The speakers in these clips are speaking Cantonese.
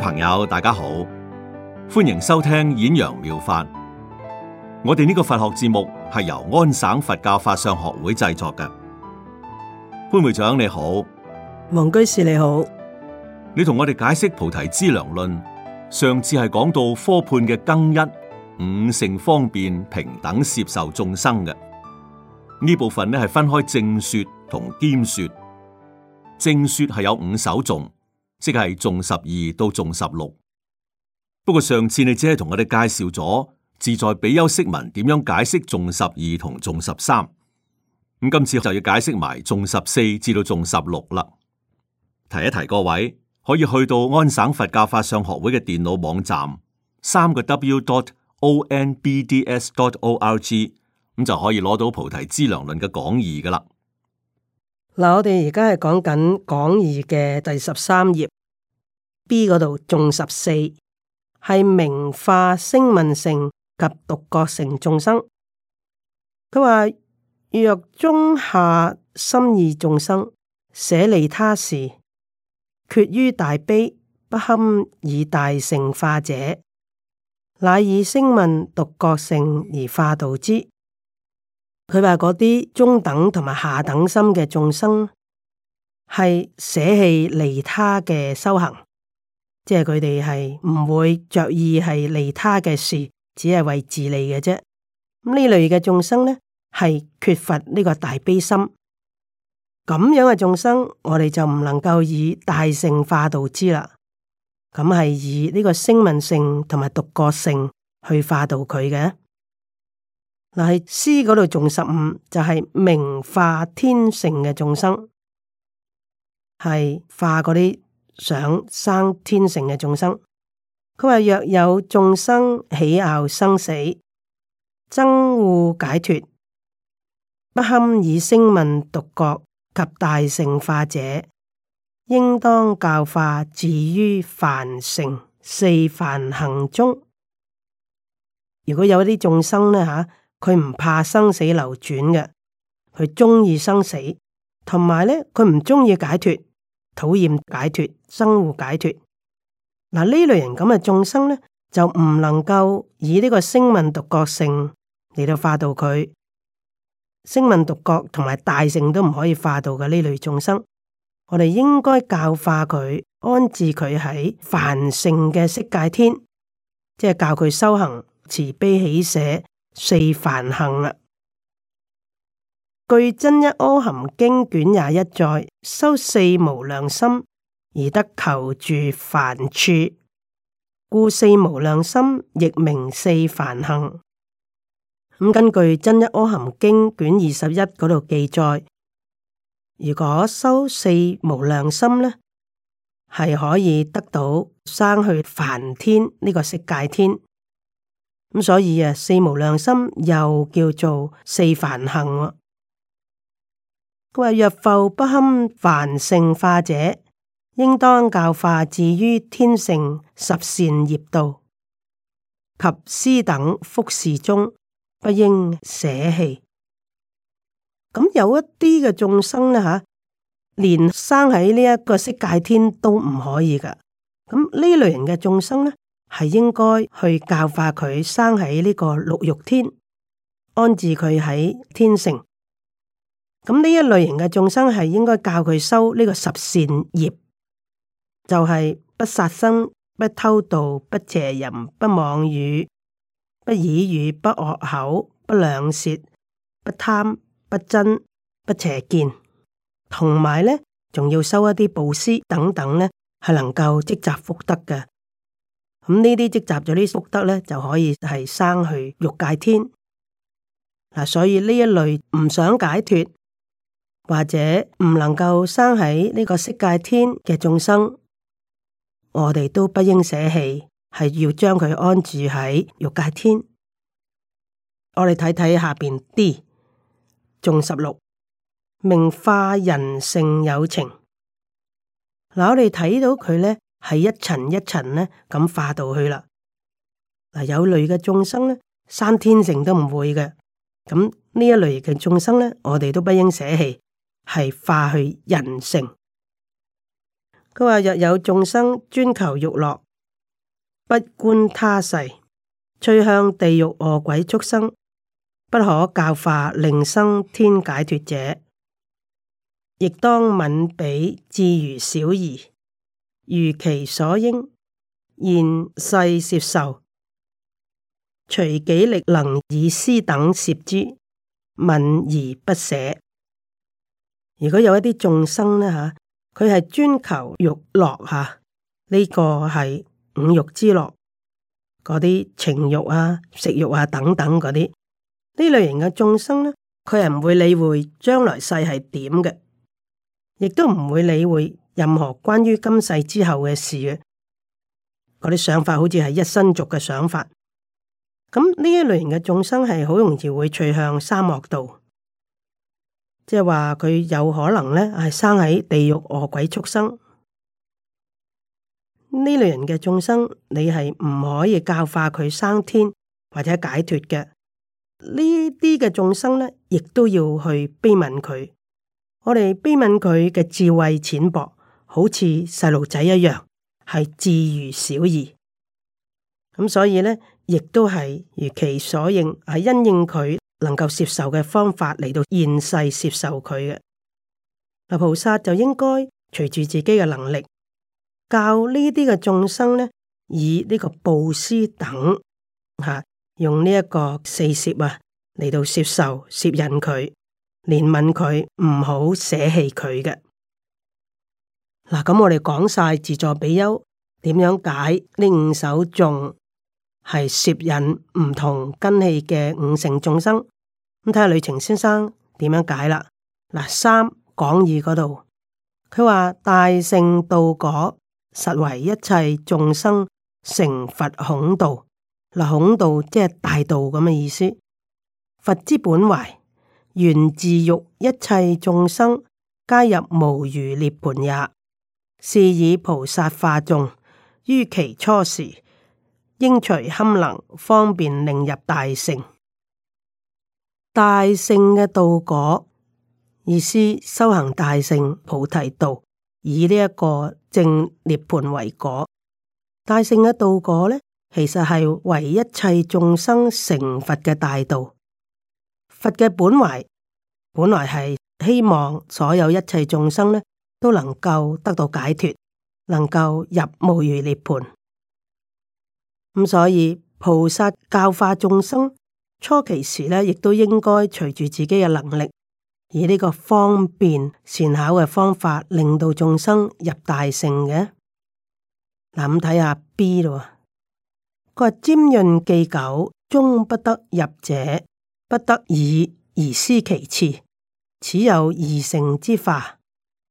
朋友，大家好，歡迎收聽演揚妙，妙法。我哋呢個佛學節目係由安省佛教法上學會製作嘅。潘會長你好，黃居士你好，你同我哋解釋菩提資糧論。上次係講到科判嘅更一五乘方便平等接受眾生嘅呢部分咧，係分開正說同兼說。正說係有五首頌。即係頌十二到頌十六，不過上次你只係同我哋介紹咗自在比丘釋文點樣解釋頌十二同頌十三，咁今次就要解釋埋頌十四至到頌十六啦。提一提各位，可以去到安省佛教法相學會嘅電腦網站，三個 w.dot.o.n.b.d.s.dot.o.r.g，咁就可以攞到菩提資糧論嘅講義噶啦。嗱，我哋而家係講緊《講義》嘅第十三頁 B 嗰度，頌十四係名化聲聞乘及獨覺乘眾生。佢話若中下心意，眾生捨離他時，缺於大悲，不堪以大乘化者，乃以聲聞獨覺乘而化導之。佢話嗰啲中等同埋下等心嘅眾生係捨棄利他嘅修行，即係佢哋係唔會着意係利他嘅事，只係為自利嘅啫。呢類嘅眾生呢，係缺乏呢個大悲心。咁樣嘅眾生，我哋就唔能夠以大乘化導之啦。咁係以呢個聲聞性同埋獨覺性去化導佢嘅。嗱，係詩嗰度仲十五，就係、是、明化天成嘅眾生，係化嗰啲想生天成嘅眾生。佢話若有眾生喜拗生死、憎惡解脫，不堪以聲聞、獨覺及大乘化者，應當教化至於凡成四凡行中。如果有一啲眾生咧吓。佢唔怕生死流轉嘅，佢中意生死，同埋咧佢唔中意解脫，討厭解脫，憎惡解脫。嗱呢類人咁嘅眾生咧，就唔能夠以呢個聲聞獨覺性嚟到化度佢，聲聞獨覺同埋大聖都唔可以化度嘅呢類眾生。我哋應該教化佢，安置佢喺凡聖嘅色界天，即係教佢修行慈悲喜捨。四梵行啦，據增一阿含經卷廿一載，修四無量心而得求住梵處，故四無量心亦名四梵行。咁根據增一阿含經卷二十一嗰度記載，如果修四無量心呢，係可以得到生去梵天呢、這個色界天。咁所以啊，四無量心又叫做四梵行。佢話，若復不堪梵性化者，應當教化至於天性十善業道及施等福事中，不應捨棄。咁有一啲嘅眾生咧，吓連生喺呢一個色界天都唔可以噶。咁呢類人嘅眾生咧，係應該去教化,佢生喺呢個六欲天，安置佢喺天城。咁呢一類型嘅眾生係應該教佢修呢個十善業，就係、是、不殺生、不偷盜、不邪淫、不妄語、不綺語、不惡口、不兩舌、不貪、不爭、不邪見。同埋呢，仲要修一啲布施等等，呢係能夠積集福德嘅。咁呢啲積集咗啲福德咧，就可以係生去欲界天。嗱、啊，所以呢一類唔想解脱或者唔能夠生喺呢個色界天嘅眾生，我哋都不應捨棄，係要將佢安置喺欲界天。我哋睇睇下邊啲，頌十六，名化人性友情。嗱、啊，我哋睇到佢咧。係一層一層咧，咁化到去啦。嗱、啊，有類嘅眾生咧，生天性都唔會嘅，咁、啊、呢一類嘅眾生咧，我哋都不應捨棄，係化去人性。佢話：若有眾生專求欲樂，不觀他世，趨向地獄餓鬼畜生，不可教化，令生天解脫者，亦當愍彼至如小兒。如其所應，現世攝受，隨己力能以施等攝之，問而不捨。如果有一啲眾生呢，吓，佢係專求欲樂吓，呢個係五欲之樂，嗰啲情欲啊、食欲啊等等嗰啲，呢類型嘅眾生呢，佢係唔會理會將來世係點嘅，亦都唔會理會。任何關於今世之後嘅事嘅嗰啲想法，好似係一生族嘅想法。咁呢一類人嘅眾生係好容易會趨向三惡道，即係話佢有可能咧係生喺地獄餓鬼畜生呢類人嘅眾生，你係唔可以教化佢生天或者解脱嘅呢啲嘅眾生咧，亦都要去悲憫佢。我哋悲憫佢嘅智慧淺薄。好似細路仔一樣，係智如小兒咁，所以咧，亦都係如其所應，係因應佢能夠接受嘅方法嚟到現世接受佢嘅。那菩薩就應該隨住自己嘅能力，教呢啲嘅眾生咧，以呢個布施等吓，用呢一個四攝啊嚟到接受攝引佢，憐憫佢，唔好捨棄佢嘅。嗱，咁、啊啊、我哋講晒自助比丘點樣解呢五首，仲係攝引唔同根器嘅五成眾生。咁睇下呂澂先生點樣解啦。嗱、啊，三講義嗰度，佢話大聖道果實為一切眾生成佛孔道。嗱、啊，孔道即係大道咁嘅意思。佛之本懷，緣自欲一切眾生皆入無餘涅盤也。是以菩薩化眾於其初時，應隨堪能方便令入大聖。大聖嘅道果，意思修行大聖菩提道，以呢一個正涅槃為果。大聖嘅道果呢，其實係為一切眾生成佛嘅大道。佛嘅本懷本來係希望所有一切眾生呢。都能夠得到解脱，能夠入無餘涅盤咁、嗯，所以菩薩教化眾生初期時咧，亦都應該隨住自己嘅能力，以呢個方便善巧嘅方法，令到眾生入大乘嘅。嗱，咁睇下 B 咯，佢話尖潤既久，終不得入者，不得已而思其次，此有二乘之法。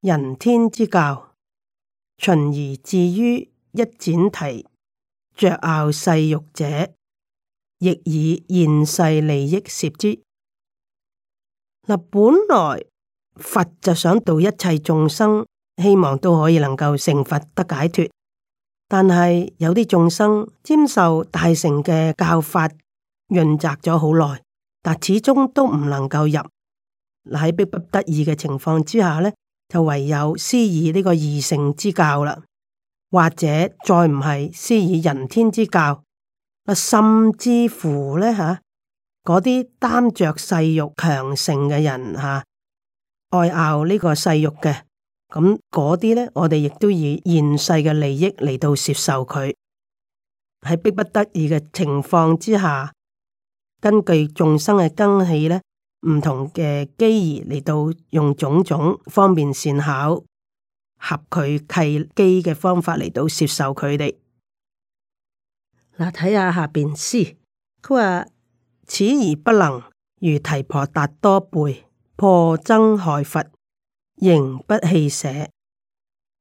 人天之教，循而至於一展題，着傲世欲者，亦以現世利益攝之。嗱，本來佛就想度一切眾生，希望都可以能夠成佛得解脫。但係有啲眾生，接受大乘嘅教法潤澤咗好耐，但始終都唔能夠入。喺逼不得已嘅情況之下咧，就唯有施以呢個二乘之教啦，或者再唔係施以人天之教，甚至乎呢，吓、啊，嗰啲擔着世欲強盛嘅人吓，愛、啊、拗呢個世欲嘅，咁嗰啲呢，我哋亦都以現世嘅利益嚟到接受佢，喺逼不得已嘅情況之下，根據眾生嘅根器呢。唔同嘅機宜嚟到用種種方便善巧合佢契機嘅方法嚟到攝受佢哋。嗱，睇下下邊詩，佢話，此而不能如提婆達多輩破僧害佛，仍不棄捨。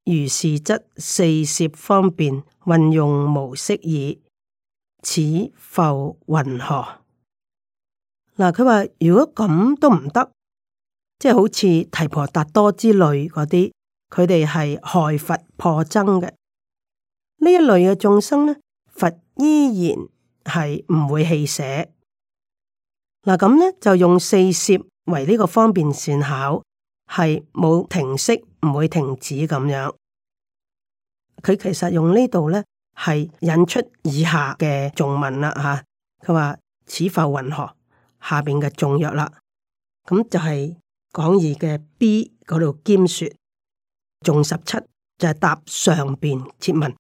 如是則四攝方便運用無色矣。此復云何？嗱，佢話如果咁都唔得，即係好似提婆達多之類嗰啲，佢哋係害佛破僧嘅呢一類嘅眾生呢，佛依然係唔會棄捨。嗱，咁呢就用四攝為呢個方便善巧，係冇停息，唔會停止咁樣。佢其實用呢度呢，係引出以下嘅眾文啦吓，佢、啊、話此浮云何。下邊嘅重要啦，咁就係講義嘅 B 嗰度兼說，頌十七就係、是、答上邊詰問。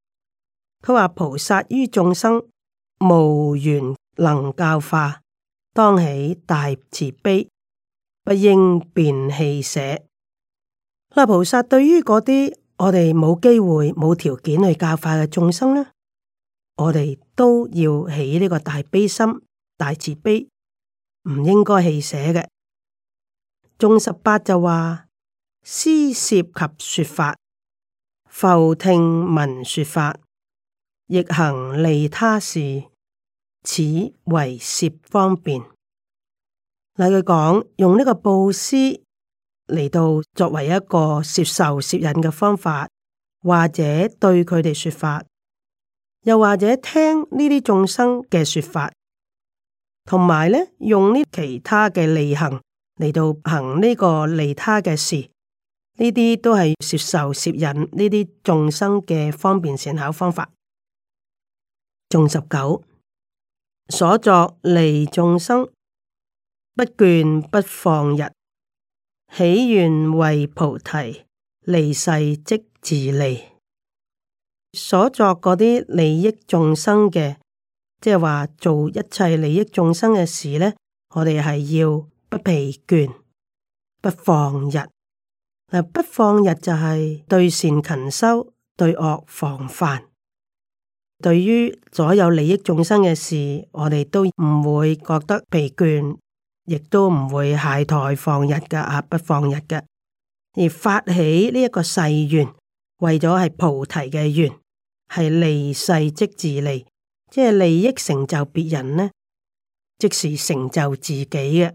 佢話菩薩於眾生無緣能教化，當起大慈悲，不應便棄捨。菩薩，那菩薩對於嗰啲我哋冇機會、冇條件去教化嘅眾生呢？我哋都要起呢個大悲心、大慈悲，唔應該棄捨嘅，中十八就話：施涉及說法，復聽聞說法，亦行利他事，此為攝方便。例句講用呢個布施嚟到作為一個攝受攝引嘅方法，或者對佢哋說法，又或者聽呢啲眾生嘅說法。同埋咧，用呢其他嘅利行嚟到行呢個利他嘅事，呢啲都係攝受攝引呢啲眾生嘅方便善巧方法。仲十九所作利眾生，不倦不放逸，起願為菩提利世即自利。所作嗰啲利益眾生嘅。即係話做一切利益眾生嘅事呢，我哋係要不疲倦，不放逸。嗱，不放逸就係對善勤修，對惡防範。對於所有利益眾生嘅事，我哋都唔會覺得疲倦，亦都唔會懈怠放逸噶啊！不放逸噶，而發起呢一個誓願，為咗係菩提嘅願，係利世即自利。即係利益成就別人咧，即是成就自己嘅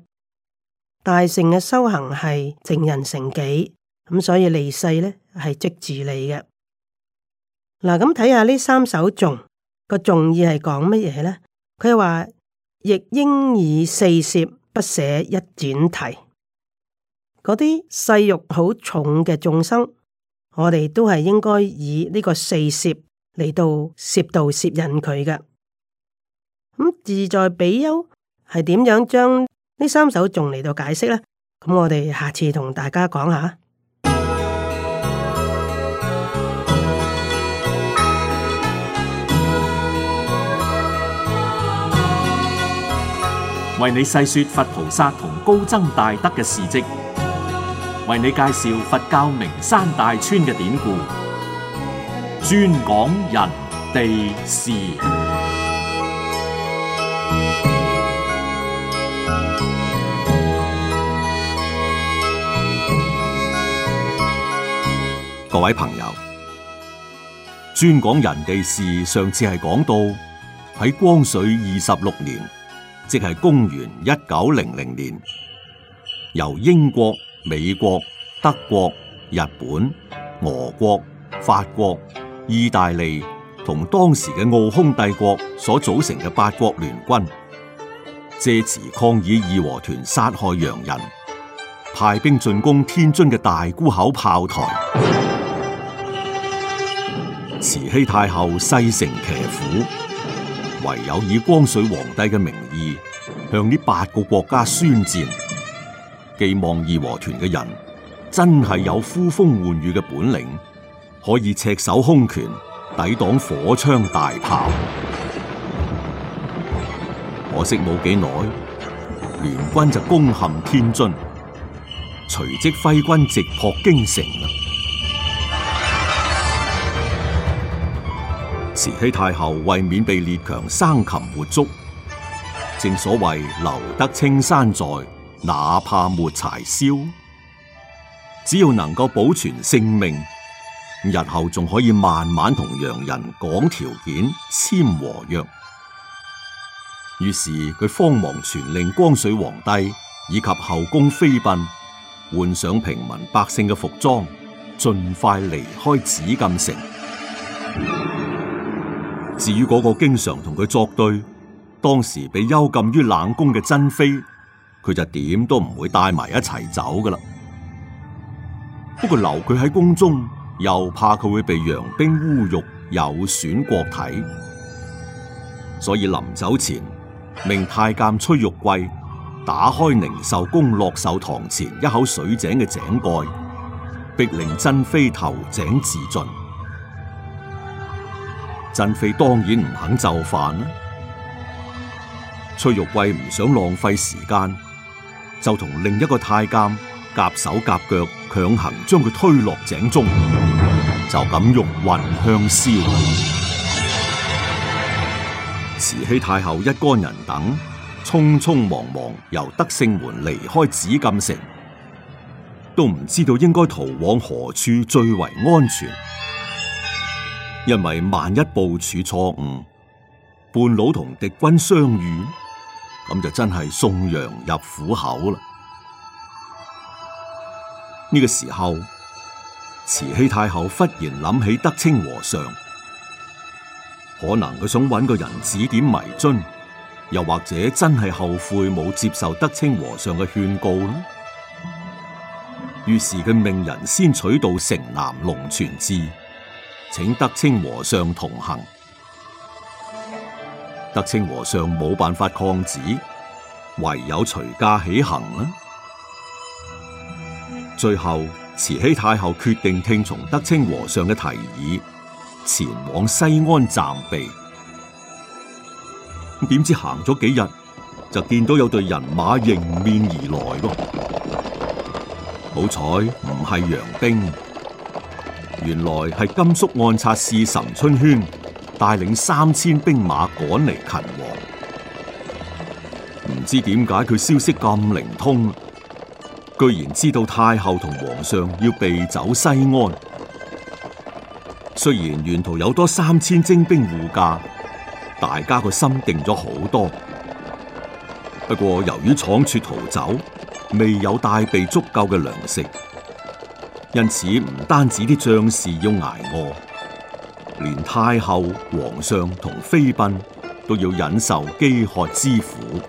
大乘嘅修行係成人成己，咁所以利世呢，係即自利嘅。嗱，咁睇下呢三首頌個頌意係講乜嘢咧？佢話亦應以四攝，不捨一轉提，嗰啲世欲好重嘅眾生，我哋都係應該以呢個四攝。嚟到攝道攝引佢嘅。咁自在比丘係點樣將呢三首頌嚟到解釋呢？咁我哋下次同大家講下。為你細說佛菩薩同高僧大德嘅事跡，為你介紹佛教名山大川嘅典故。專講人地事，各位朋友，專講人地事。上次係講到喺光緒二十六年，即係公元一九零零年，由英國、美國、德國、日本、俄國、法國。意大利同當時嘅奧匈帝國所組成嘅八國聯軍，借詞抗議義和團殺害洋人，派兵進攻天津嘅大沽口炮台。慈禧太后勢成騎虎，唯有以光緒皇帝嘅名義向呢八個國家宣戰，寄望義和團嘅人真係有呼風喚雨嘅本領。可以赤手空拳抵擋火槍大炮。可惜冇幾耐，聯軍就攻陷天津，隨即揮軍直撲京城。慈禧太后為免被列強生擒活捉，正所謂留得青山在，哪怕沒柴燒，只要能夠保存性命。日後仲可以慢慢同洋人講條件簽和約。於是佢慌忙傳令光緒皇帝以及後宮妃嬪，換上平民百姓嘅服裝，盡快離開紫禁城。至於嗰個，個經常同佢作對、當時被幽禁於冷宮嘅珍妃，佢就點都唔會帶埋一齊走噶啦。不過留佢喺宮中。又怕佢會被洋兵污辱，有損國體，所以臨走前，命太監崔玉貴打開寧壽宮樂壽堂前一口水井嘅井蓋，逼令珍妃投井自盡。珍妃當然唔肯就範啦。崔玉貴唔想浪費時間，就同另一個太監。夾手夾腳，強行將佢推落井中， 就咁玉殞香消。 慈禧太后一干人等，匆匆忙忙由德勝門離開紫禁城，都唔知道應該逃往何處最為安全。因為萬一部署錯誤，半路同敵軍相遇，咁就真係送羊入虎口啦。呢個時候，慈禧太后忽然諗起德清和尚，可能佢想揾個人指點迷津，又或者真係後悔冇接受德清和尚嘅勸告啦。於是佢命人先取道城南龍泉寺，請德清和尚同行。德清和尚冇辦法抗旨，唯有隨駕起行啦。最後，慈禧太后決定聽從德清和尚嘅提議，前往西安暫避。點知行咗幾日，就見到有隊人馬迎面而來噃。好彩唔係洋兵，原來係甘肅按察使岑春煊帶領三千兵馬趕嚟勤王。唔知點解佢消息咁靈通。居然知道太后同皇上要避走西安，雖然沿途有多三千精兵護駕，大家個心定咗好多。不過由於倉促逃走，未有帶備足夠嘅糧食，因此唔單止啲將士要挨餓，連太后、皇上同妃嬪都要忍受飢渴之苦。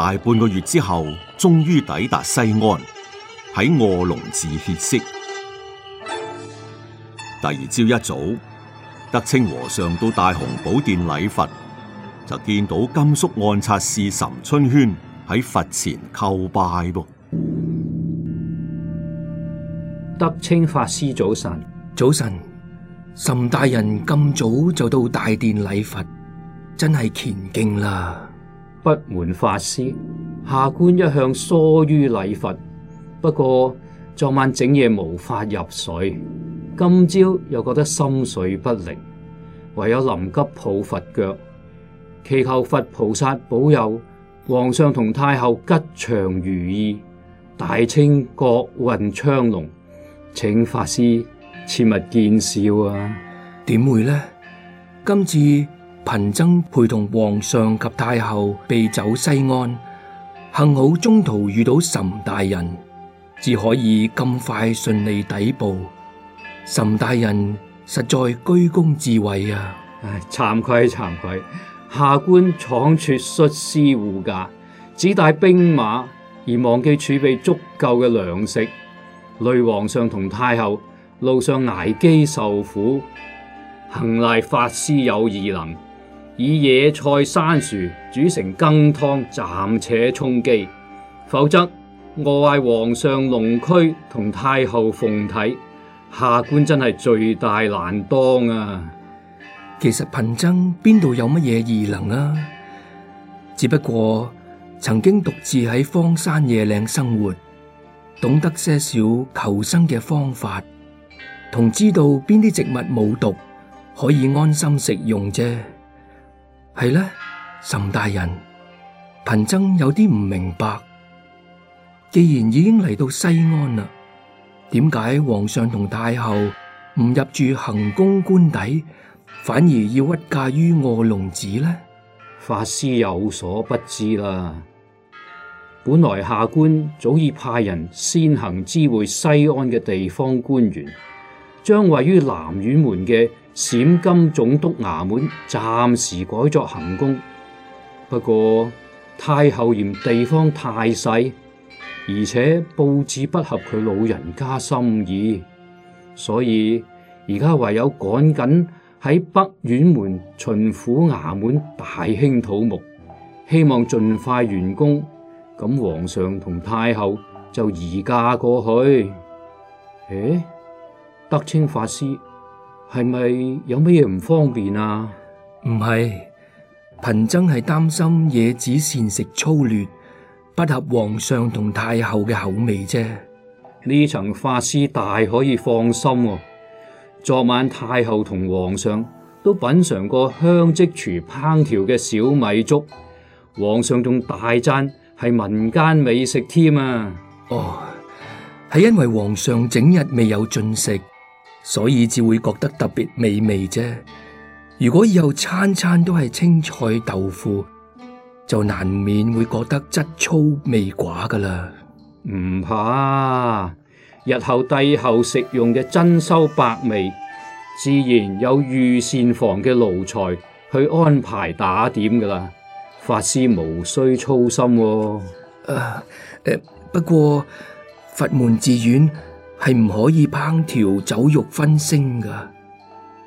大半個月之後，終於抵達西安，喺臥龍寺歇息。第二朝一早，德清和尚到大雄寶殿禮佛，就見到甘肅按察使岑春軒喺佛前叩拜噃。德清法師，早晨。早晨，岑大人咁早就到大殿禮佛，真係虔敬啦。不瞞法師，下官一向疏於禮佛，不過昨晚整夜無法入睡，今朝又覺得心緒不寧，唯有臨急抱佛腳，祈求佛菩薩保佑皇上同太后吉祥如意，大清國運昌隆，請法師切勿見笑啊！點會呢？今次。貧僧陪同皇上及太后避走西安，幸好中途遇到岑大人，至可以咁快順利抵步。岑大人實在居功至偉啊！唉，慚愧慚愧，下官倉促率師護駕，只帶兵馬而忘記儲備足夠嘅糧食，累皇上同太后路上捱飢受苦，幸賴法師有異能。以野菜山薯，煮成羹湯，暫且充饑，否則餓壞皇上龍、龍軀同太后鳳體，下官真係罪大難當啊！其實貧僧邊度有乜嘢異能啊？只不過曾經獨自喺荒山野嶺生活，懂得些少求生嘅方法，同知道邊啲植物冇毒可以安心食用啫。係咧，岑大人，貧僧有啲唔明白，既然已經嚟到西安啦，點解皇上同太后唔入住行宮官邸，反而要屈駕於臥龍寺呢？法師有所不知啦，本來下官早已派人先行知會西安嘅地方官員，將位於南院門嘅。陝甘總督衙門暫時改作行宮，不過太后嫌地方太細，而且佈置不合佢老人家心意，所以而家唯有趕緊喺北院門巡撫衙門大興土木，希望盡快完工。咁皇上同太后就移駕過去。唉，德清法師。係咪有乜嘢唔方便啊？唔係，貧僧係擔心野子膳食粗劣，不合皇上同太后嘅口味啫。呢層法師大可以放心喎。昨晚太后同皇上都品嘗過香積廚烹調嘅小米粥，皇上仲大讚係民間美食添啊！哦，係因為皇上整日未有進食。所以只會覺得特別美味啫。如果以後餐餐都係青菜豆腐，就難免會覺得質粗味寡噶啦。唔怕，日後帝後食用嘅珍饈百味，自然有御膳房嘅奴才去安排打點噶啦。法師無需操心。哦。誒、啊呃，不過佛門寺院係唔可以烹調酒肉葷腥噶，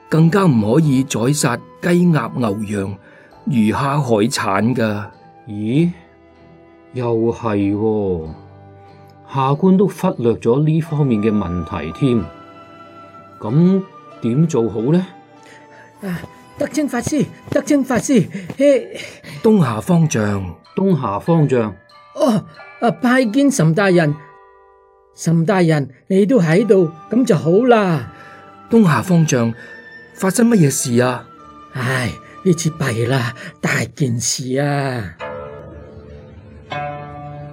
更加唔可以宰殺雞鴨牛羊、魚蝦海產噶。咦？又係、哦、下官都忽略咗呢方面嘅問題添。咁點做好呢？啊，德清法師，德清法師，嘿，東霞方丈，東霞方丈，哦，啊，拜見岑大人。岑大人，你都喺度，咁就好啦。東霞方丈，發生乜嘢事啊？唉，呢次弊啦，大件事啊！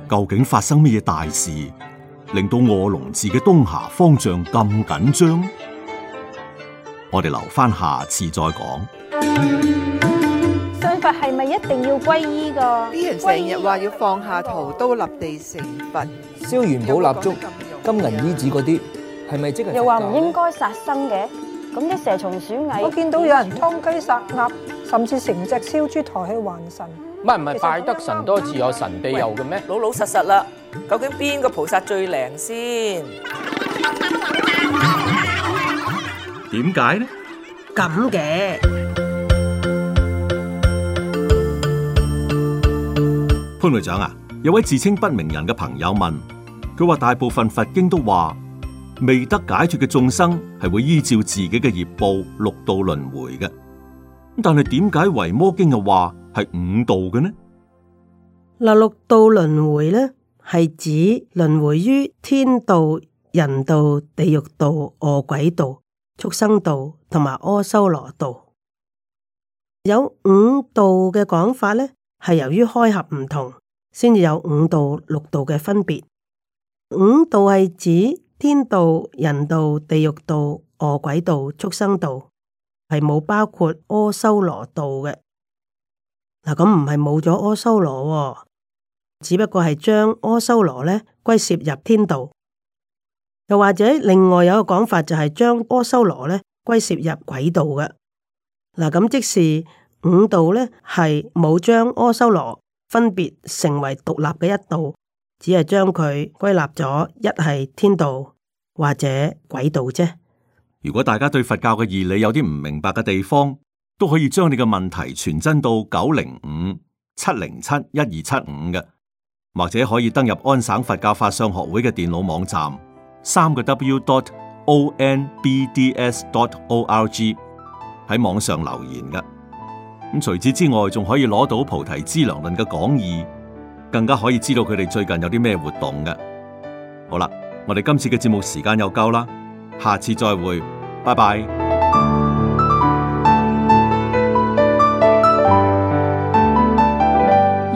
究竟發生乜嘢大事，令到臥龍寺嘅東霞方丈咁緊張？我哋留翻下，下次再講。係咪一定要皈依噶？成日話要放下屠刀立地成佛，燒元寶蠟燭、金銀衣紙嗰啲，係咪即係？又話唔應該殺生嘅，咁啲蛇蟲鼠蟻，我見到有人劏雞殺鴨，甚至成隻燒豬抬去還神。唔係唔係，拜得神多自有神庇佑嘅咩？老老實實啦，究竟邊個菩薩最靈先？點解呢？咁嘅。潘隊長啊，有位自稱不明人嘅朋友問，佢話大部分佛經都話未得解脱嘅眾生係會依照自己嘅業報六道輪迴嘅，但係點解《維摩經》嘅話係五道嘅呢？嗱，六道輪迴咧係指輪迴於天道、人道、地獄道、餓鬼道、畜生道同埋阿修羅道，有五道嘅講法咧係由於開合唔同，先至有五道、六道嘅分別。五道係指天道、人道、地獄道、餓鬼道、畜生道，係冇包括阿修羅道嘅。嗱，咁唔係冇咗阿修羅喎、哦，只不過係將阿修羅咧歸攝入天道，又或者另外有個講法就係將阿修羅咧歸攝入鬼道嘅。嗱、啊、咁即是。五道呢係冇將阿修羅分別成為獨立嘅一道，只係將佢歸納咗一係天道或者鬼道啫。如果大家對佛教嘅義理有啲唔明白嘅地方，都可以將你嘅問題傳真到九零五七零七一二七五嘅，或者可以登入安省佛教法相學會嘅電腦網站三個 W dot O N B D S dot O R G 喺網上留言嘅。咁除此之外，仲可以攞到《菩提資糧論》嘅講義，更加可以知道佢哋最近有啲咩活動嘅。好啦，我哋今次嘅節目時間又夠啦，下次再會，拜拜。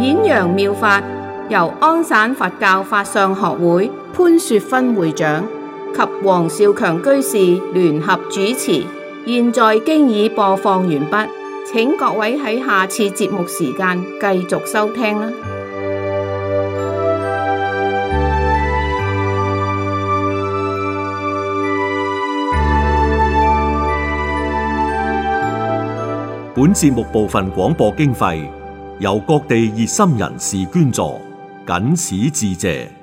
演揚妙法由安省佛教法相學會潘雪芬會長及黃少強居士聯合主持，現在經已播放完畢。請各位喺下次節目時間繼續收聽啦。本節目部分廣播經費由各地熱心人士捐助，謹此致謝。